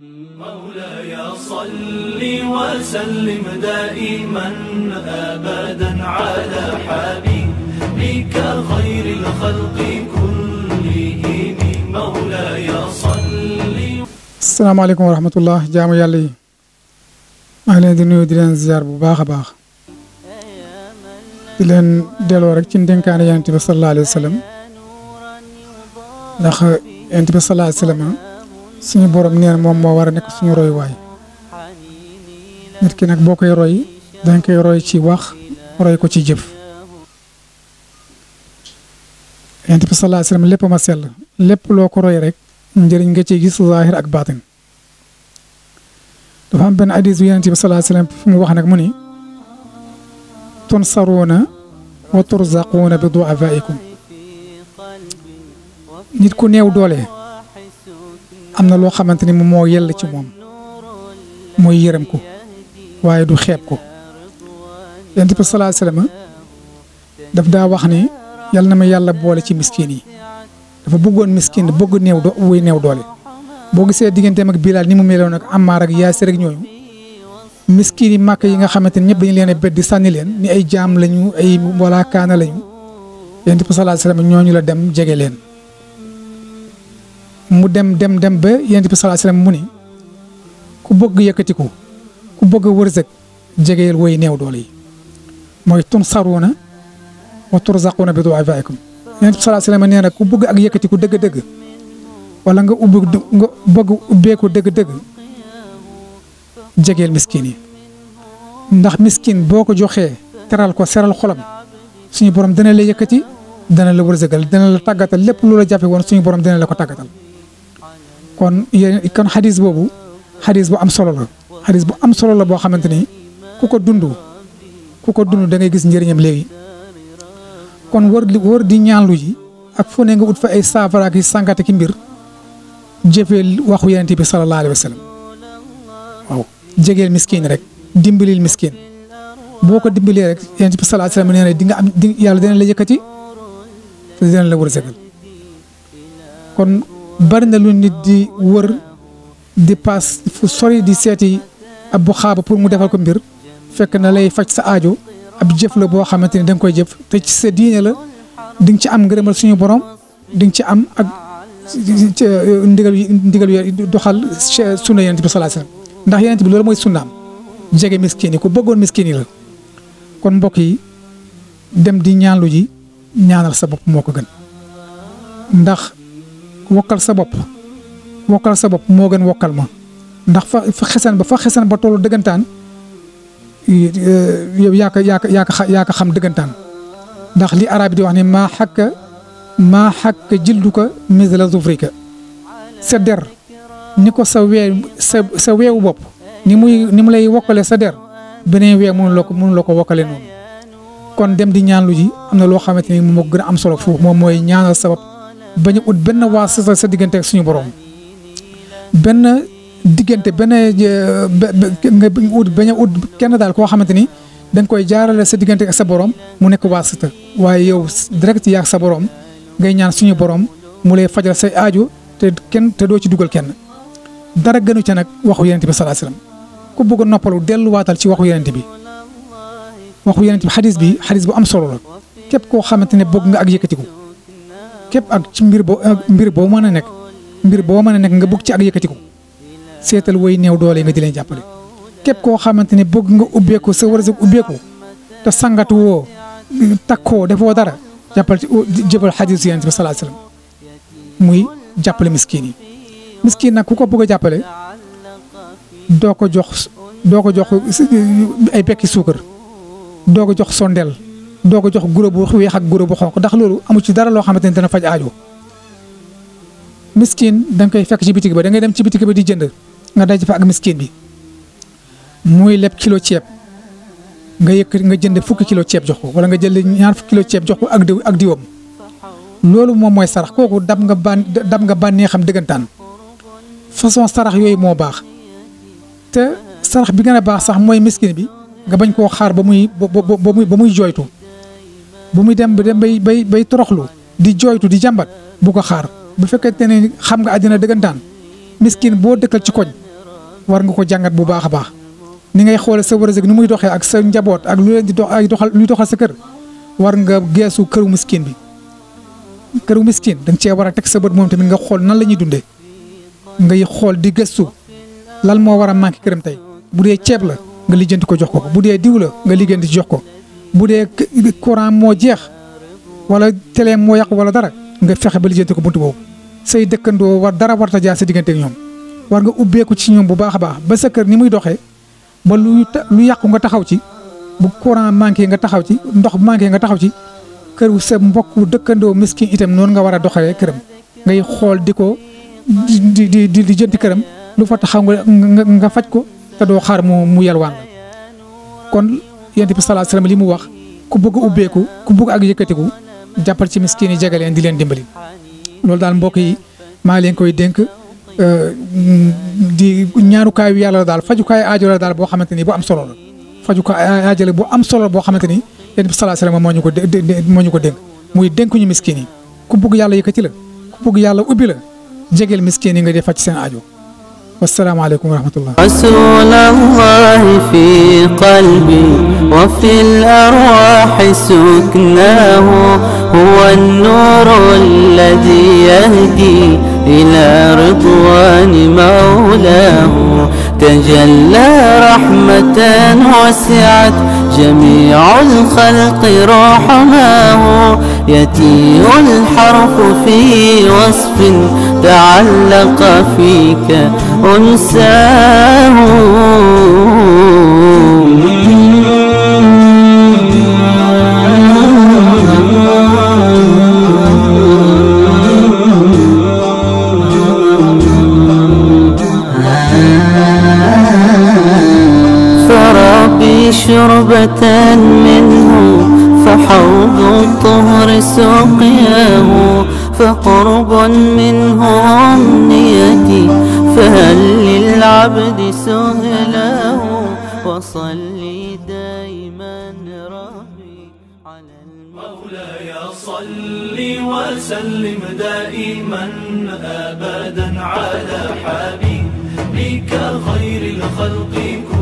مولاي صل وسلم دائما ابدا على حبيبك خير الخلق كلهم مولاي صل السلام عليكم ورحمه الله جامع يالي اهلا لين دي نيو دي زيار بو باخ باخ دي لين ديلو رك سي دنكان يانتبي صلى الله عليه وسلم ndax yonent bi sallallahu alayhi وسلم suñu borom neen moom moo war a nekk suñu roy waay nit ki nag boo koy roy dañ koy roy ci wax roy ko ci jëf yonent bi sallallahu alayhi lépp ma sell lépp loo ko roy rek njëriñ nga ciy gis zaahir ak baatin dafa am benn hadiis bi yonent bi sallallahu alayhi wasallam mu wax nag mu ni ton na wa turzaquuna bi du'afaa'ikum nit ku néew doole am na loo xamante ni moom moo yell ci moom mooy yërëm ko waaye du xeeb ko yonent bi salaa salaam daf daa wax ni yal na ma yàlla boole ci miskin yi dafa bëggoon miskin bëgg néew do wuy néew doole boo gisee digganteem ak Bilaal ni mu meloon ak Ammaar ak Yaasir ak ñooñu miskin yi màkk yi nga xamante ni ñëpp dañu leen a di sànni leen ni ay jaam lañu ay walla kaana lañu yonent bi salaa salaam ñooñu la dem jege leen mu dem dem dem ba yonent bi sallallahu alayhi wasallam mu ni ku bëgg yëkkatiku ku bëgg wërsëg jegeel woy neew doole yi mooy tunsaruuna wa turzaquuna bi du'afaa'ikum yonent bi sallallahu alayhi wasallam nee na ku bëgg ak yëkkatiku dëgg-dëgg wala nga ubbi nga bëgg ubbeeku dëgg-dëgg jegeel miskin yi ndax miskin boo ko joxee teral ko seral xolam suñu borom dana la yëkkati dana la wërsëgal dana la tàggatal lépp lu la jafe woon suñu borom dana la ko tàggatal kon yéen kon xadis boobu xadis bu am solo la xadis bu am solo la boo xamante ni ku ko dund ku ko dund da ngay gis njëriñam léegi kon wër di wër di ñaanlu ji ak fu ne nga ut fa ay saafara ak sànkate ki mbir jëfeel waxu yonent bi sallallahu alayhi wa sallam rek dimbalil miskiin boo ko dimbalee rek yonent bi sallallahu alayhi wa sallam nee na di nga am di yàlla dina la yëkkati te dina la wërsëgal kon bari na lu nit di wër di paas sori di seeti ab bu xaaba pour mu defal ko mbir fekk na lay faj sa aajo ab jëf la boo xamante ni danga koy jëf te ci sa diine la di nga ci am ngërëmal suñu borom di nga ci am ak euh, ndigal ndigal doxal sunna yonent bi sallallahu alayhi wasallam ndax yonent bi loolu mooy sunnaam jege miskin yi ko bëggoon miskin yi la kon mbokk yi dem di ñaanlu ji ñaanal sa bopp moo ko gën wokkal sa bopp wokkal sa bopp moo gën wokkal ma ndax fa fa xesan ba fa xesan ba tollu dëggantaan e, yow yaa ko yaa xam dëggantaan ndax li arab di wax ne maa xàkk maa xàkk jilduka misla zufrika sa der ni ko sa wee bopp ni muy ni mu lay wokkale sa der beneen wee mënu loo ko mënu loo wokkale noonu kon dem di ñaanlu am na loo xamante ni moom mooy ñaanal sabab bañ a ut benn waa sa sa diggante ak suñu borom benn diggante benn euh, nga ut bañ a ut kenn daal koo xamante ni da koy jaarale sa diggante ak sa borom mu nekk waa sita waaye yow direct yaa ak sa borom ngay ñaan suñu borom mu lay fajal sa aajo te kenn te doo ci dugal kenn dara gënu ca nag waxu yenent bi salaa salaam ku bëgg a noppalu delluwaatal ci waxu yenent bi waxu yenent bi xadis bi xadis bu am solo la képp koo xamante ne bëgg nga ak yëkkatiku képp ak ci mbir boo mbir boo mën a nekk mbir boo mën a nekk nga bëgg ci ak yëkkatiku seetal woy néew doole nga di leen jàppale képp koo xamante ne bëgg nga ubbeeku sa wërsëg ubbeeku te sangatu woo takkoo defoo dara jàppal ci jëbal xadiis yonent bi salaa salaam muy jàppale miskin yi miskin nag ku ko bëgg jàppale doo ko jox doo ko jox ay bekki suukar doo ko jox sondeel doo ko jox guro bu weex ak guro bu xonq ndax loolu amu ci dara loo xamante ne dana faj aajo miskin da koy fekk ci bitig bi da ngay dem ci bitig ba di jënd nga daj fa ak miskin bi muy leb kilo ceeb nga yëkk nga jënd fukki kilo ceeb jox ko wala nga jël ñaar fukki kilo ceeb jox ko ak diw ak diwam loolu moom mooy sarax kooku dab nga ban nga bànnee xam dëggantaan façon sarax yooyu moo baax te sarax bi gën a baax sax mooy miskin bi nga bañ koo xaar ba muy ba muy ba muy jooytu bu muy dem dem bay bay bay toroxlu di joytu di jambat bu ko xaar bu fekkente ne xam nga adina deugantan miskin bo dekkal ci koñ war nga ko jangat bu baakha baax ni ngay xol sa wërsëg ni muy doxé ak sa njabot ak lu leen di dox ay doxal lu doxal sa kër war nga gesu këru miskin bi këru miskin dang ci wara tek sa bët mom tamit nga xol nan lañuy dundé ngay xol di gesu lan mo wara manki kërëm tay, tey bu dee ceeb la nga lijjanti ko jox ko bu la nga jox ko bu dee courant moo jeex wala télé moo yàqu wala dara nga fexe ba lijjanti ko buntu boobu say dëkkandoo war dara warta jaar sa diggante ak ñoom war nga ubbeeku ci ñoom bu baax a baax ba sa kër ni muy doxee ba lu lu yàqu nga taxaw ci bu courant manqué nga taxaw ci ndox manqué nga taxaw ci kër sa mbokku dëkkandoo miskin itam noonu nga war a doxalee këram ngay xool di ko di di di lijjanti këram lu fa taxaw nga nga faj ko te doo xaar mu mu yalwaan kon yonent bi salaa salaam li mu wax ku bëgg ubbeeku ku bëgg ak yëkkatiku jàppal ci miskin yi jege leen di leen dimbali loolu daal mbokk yi maa leen koy dénk euh, di ñaanukaayu yàlla la daal fajukaayu aajo la daal boo xamante ni bu am solo la fajukaayu aajo la bu am solo boo xamante ni yonent bi salaa salaam moo ñu ko moo mooñu ko dénk muy dénku ñu miskin yi ku bëgg yàlla yëkkati la ku bëgg yàlla ubbi la jegeel miskin yi nga dee faj seen aajo والسلام عليكم ورحمة الله رسول الله في قلبي وفي الأرواح سكناه هو النور الذي يهدي إلى رضوان مولاه تجلى رحمة وسعت جميع الخلق رحماه يتيه الحرف في وصف تعلق فيك أنساه سقياه فقربا منه أمنيتي فهل للعبد سهله وصلي دائما ربي على مولاي صل وسلم دائما أبدا على حبيبك خير الخلق كلهم